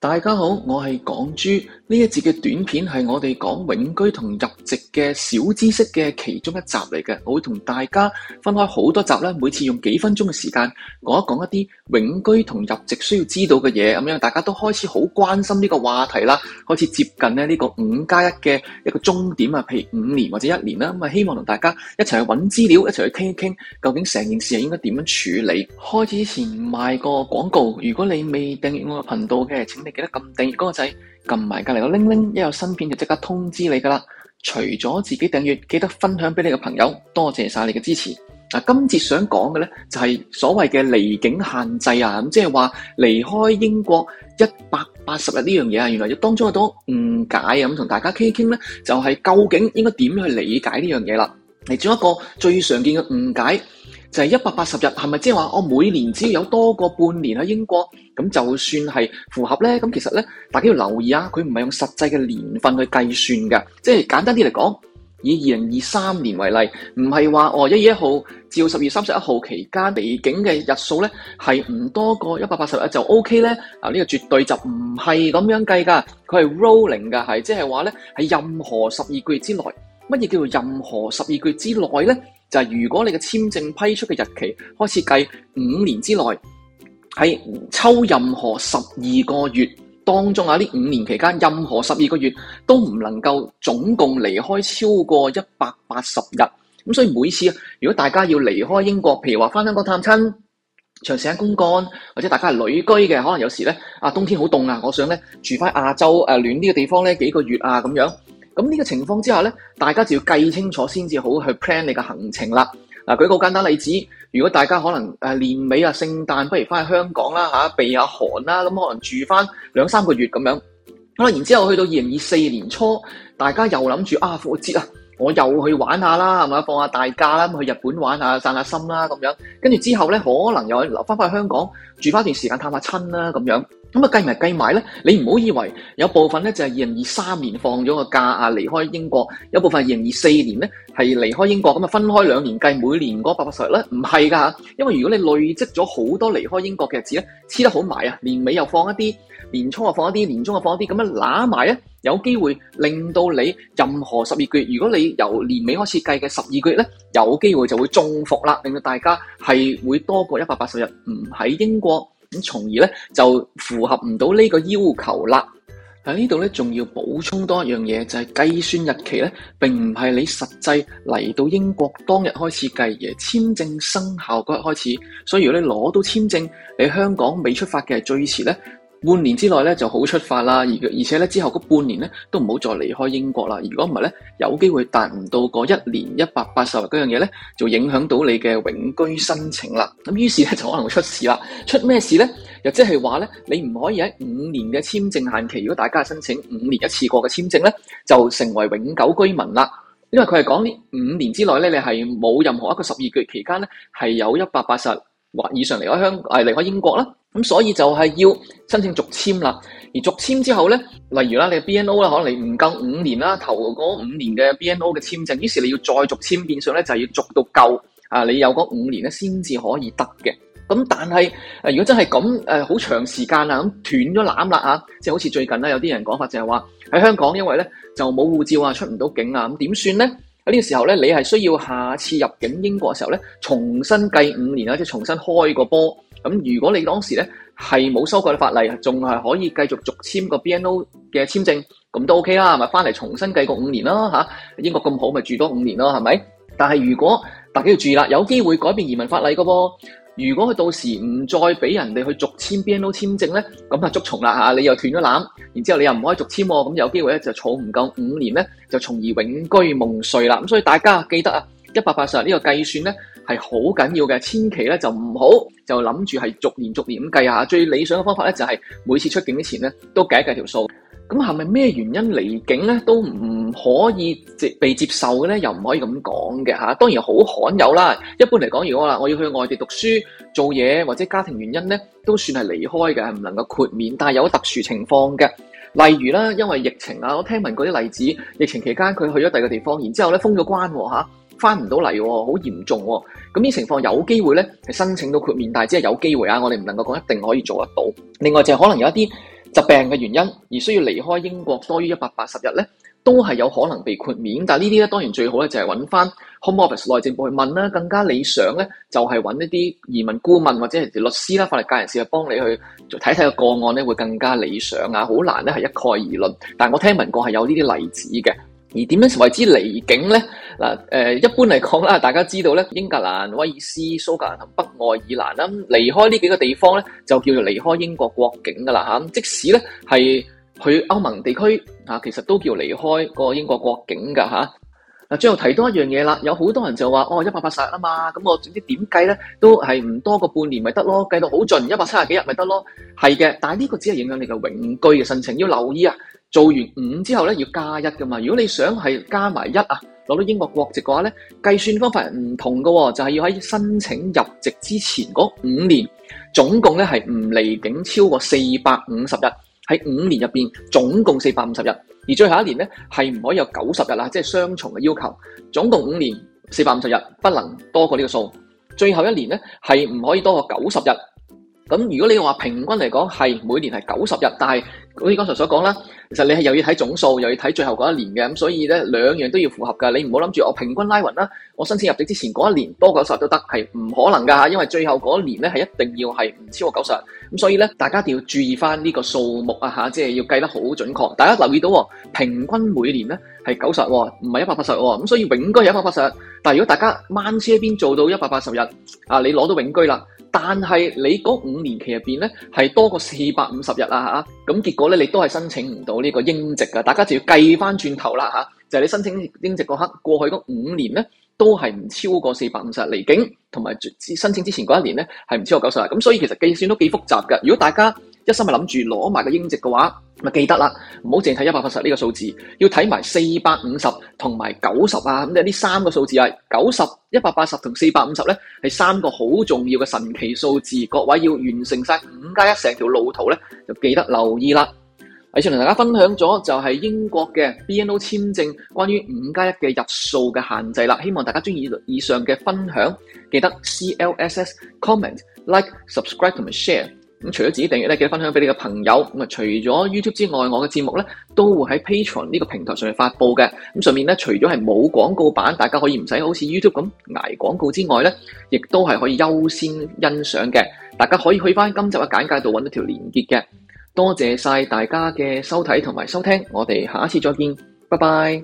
大家好，我係港豬。呢一節嘅短片係我哋講永居同入籍嘅小知識嘅其中一集嚟嘅，我會同大家分開好多集啦，每次用幾分鐘嘅時間講一講一啲永居同入籍需要知道嘅嘢，咁樣大家都開始好關心呢個話題啦，開始接近呢呢個五加一嘅一個終點啊，譬如五年或者一年啦，咁啊，希望同大家一齊去搵資料，一齊去傾一傾究竟成件事係應該點樣處理。開始之前賣個廣告，如果你未訂閱我嘅頻道嘅，請。你記得撳訂閱嗰個掣，撳埋隔籬個鈴鈴，一有新片就即刻通知你噶啦。除咗自己訂閱，記得分享俾你嘅朋友，多謝晒你嘅支持，啊。今次想講嘅呢，就係、是、所謂嘅離境限制啊，咁即係話離開英國一百八十日呢樣嘢啊，原來當中有好多誤解啊，咁同大家傾一傾呢就係、是、究竟應該點去理解呢樣嘢啦。嚟、啊、做一個最常見嘅誤解。就係一百八十日，係咪即係話我每年只要有多過半年喺英國咁，就算係符合咧？咁其實咧，大家要留意啊，佢唔係用實際嘅年份去計算嘅。即係簡單啲嚟講，以二零二三年為例，唔係話哦，一月一號照十月三十一號期間離境嘅日數咧，係唔多過一百八十日就 OK 咧？啊，呢個絕對就唔係咁樣計噶。佢係 rolling 噶，係即係話咧，喺任何十二個月之內，乜嘢叫做任何十二個月之內咧？就係如果你嘅簽證批出嘅日期開始計五年之內，喺抽任何十二個月當中啊，呢五年期間任何十二個月都唔能夠總共離開超過一百八十日。咁所以每次啊，如果大家要離開英國，譬如話翻香港探親、長時間公幹，或者大家係旅居嘅，可能有時咧啊，冬天好凍啊，我想咧住翻亞洲啊暖啲嘅地方咧幾個月啊咁樣。咁呢個情況之下呢，大家就要計清楚先至好去 plan 你嘅行程啦。嗱、啊，舉個好簡單例子，如果大家可能、啊、年尾啊聖誕，不如翻去香港啦嚇、啊、避下寒啦，咁、啊、可能住翻兩三個月咁樣。好、啊、啦，然之後去到二零二四年初，大家又諗住啊復節啊，我又去玩下啦，係咪？放下大假啦，去日本玩下散下心啦咁樣。跟住之後呢，可能又留翻翻去香港住翻段時間探下親啦咁樣。咁啊，計埋計埋咧，你唔好以為有部分咧就係二零二三年放咗個假啊，離開英國；有部分二零二四年咧係離開英國，咁啊，分開兩年計，每年嗰百八十日咧，唔係㗎嚇。因為如果你累積咗好多離開英國嘅日子咧，黐得好埋啊，年尾又放一啲，年初啊放一啲，年中啊放一啲，咁樣揦埋咧，有機會令到你任何十二個月，如果你由年尾開始計嘅十二個月咧，有機會就會中伏啦，令到大家係會多過一百八十日唔喺英國。咁，從而咧就符合唔到呢個要求啦。喺呢度咧，仲要補充多一樣嘢，就係、是、計算日期咧，並唔係你實際嚟到英國當日開始計，而係簽證生效嗰日開始。所以如果你攞到簽證，你香港未出發嘅係最遲咧。半年之內咧就好出發啦，而而且咧之後嗰半年咧都唔好再離開英國啦。如果唔係咧，有機會達唔到嗰一年一百八十日嗰樣嘢咧，就影響到你嘅永居申請啦。咁於是咧就可能會出事啦。出咩事咧？又即係話咧，你唔可以喺五年嘅簽證限期，如果大家申請五年一次過嘅簽證咧，就成為永久居民啦。因為佢係講咧五年之內咧，你係冇任何一個十二個月期間咧係有一百八十。或以上離開香，係離開英國啦。咁所以就係要申請續簽啦。而續簽之後咧，例如啦，你嘅 BNO 啦，可能你唔夠五年啦，頭嗰五年嘅 BNO 嘅簽證，於是你要再續簽變相咧，就係要續到夠啊，你有嗰五年咧先至可以得嘅。咁但係，誒如果真係咁誒好長時間啊，咁斷咗纜啦嚇，即係好似最近咧有啲人講法就係話喺香港，因為咧就冇護照啊，出唔到境啊，咁點算咧？呢個時候咧，你係需要下次入境英國嘅時候咧，重新計五年啊，即係重新開個波。咁如果你當時咧係冇修改嘅法例，仲係可以繼續續簽個 BNO 嘅簽證，咁都 OK 啦，咪翻嚟重新計個五年啦嚇。英國咁好，咪住多五年咯，係咪？但係如果大家要注意啦，有機會改變移民法例嘅噃。.如果佢到時唔再俾人哋去續簽 BNO 簽證呢，咁啊，捉蟲啦嚇，你又斷咗纜，然之後你又唔可以續簽，咁有機會咧就儲唔夠五年呢，就從而永居夢碎啦。咁所以大家記得啊，一百八十日呢個計算呢係好緊要嘅，千祈呢，就唔好就諗住係逐年逐年咁計啊。最理想嘅方法呢，就係每次出境之前呢，都計一計條數。咁係咪咩原因離境咧都唔可以接被接受嘅咧？又唔可以咁講嘅嚇。當然好罕有啦。一般嚟講，如果話我要去外地讀書、做嘢或者家庭原因咧，都算係離開嘅，係唔能夠豁免。但係有個特殊情況嘅，例如啦，因為疫情啊，我聽聞嗰啲例子，疫情期間佢去咗第二個地方，然之後咧封咗關嚇，翻唔到嚟，好嚴重。咁呢情況有機會咧係申請到豁免，但係只係有機會啊！我哋唔能夠講一定可以做得到。另外就係可能有一啲。疾病嘅原因而需要離開英國多於一百八十日咧，都係有可能被豁免。但係呢啲咧當然最好咧就係揾翻 Home Office 內政部去問啦。更加理想咧就係揾一啲移民顧問或者係律師啦、法律界人士去幫你去睇睇個個案咧會更加理想啊！好難咧係一概而論，但係我聽聞過係有呢啲例子嘅。而點樣為之離境咧？嗱、呃，誒一般嚟講啦，大家知道咧，英格蘭、威爾斯、蘇格蘭同北愛爾蘭啦，離開呢幾個地方咧，就叫做離開英國國境㗎喇吓。即使咧係去歐盟地區啊，其實都叫離開個英國國境㗎吓。嗱、啊啊，最後提多一樣嘢啦，有好多人就話哦，一百八十日啊嘛，咁我總之點計咧都係唔多過半年咪得咯，計到好盡一百七十幾日咪得咯，係嘅。但係呢個只係影響你嘅永居嘅申請，要留意啊。做完五之後咧，要加一噶嘛？如果你想係加埋一啊，攞到英國國籍嘅話咧，計算方法係唔同喎、哦。就係、是、要喺申請入籍之前嗰五年，總共咧係唔離境超過四百五十日，喺五年入邊總共四百五十日，而最後一年咧係唔可以有九十日啦，即係雙重嘅要求，總共五年四百五十日不能多過呢個數，最後一年咧係唔可以多過九十日。咁如果你話平均嚟講係每年係九十日，但係。好似剛才所講啦，其實你係又要睇總數，又要睇最後嗰一年嘅，咁所以咧兩樣都要符合噶。你唔好諗住我平均拉勻啦，我申請入籍之前嗰一年多過九十都得，係唔可能噶嚇，因為最後嗰一年咧係一定要係唔超過九十。咁所以咧，大家一定要注意翻呢個數目啊嚇，即係要計得好準確。大家留意到平均每年咧係九十喎，唔係一百八十喎。咁所以永居係一百八十日。但如果大家掹車一邊做到一百八十日啊，你攞到永居啦。但係你嗰五年期入邊咧，係多過四百五十日啦，吓、啊、咁結果咧，你都係申請唔到呢個英籍噶，大家就要計翻轉頭啦，吓、啊、就係、是、你申請英籍嗰刻過去嗰五年咧，都係唔超過四百五十日離境，同埋申請之前嗰一年咧係唔超過九十日，咁所以其實計算都幾複雜噶，如果大家。一心咪諗住攞埋個英籍嘅話，咪記得啦，唔好淨睇一百八十呢個數字，要睇埋四百五十同埋九十啊！咁即係呢三個數字啊，九十、一百八十同四百五十呢，係三個好重要嘅神奇數字，各位要完成晒五加一成條路途呢，就記得留意啦。以上同大家分享咗就係英國嘅 B N O 簽證關於五加一嘅日數嘅限制啦，希望大家鍾意以上嘅分享，記得 C L S S comment like subscribe 同埋 share。咁除咗自己訂閱咧，記得分享俾你嘅朋友。咁啊，除咗 YouTube 之外，我嘅節目咧都會喺 Patreon 呢個平台上面發布嘅。咁上面咧，除咗係冇廣告版，大家可以唔使好似 YouTube 咁挨廣告之外咧，亦都係可以優先欣賞嘅。大家可以去翻今集嘅簡介度揾一條連結嘅。多謝晒大家嘅收睇同埋收聽，我哋下一次再見，拜拜。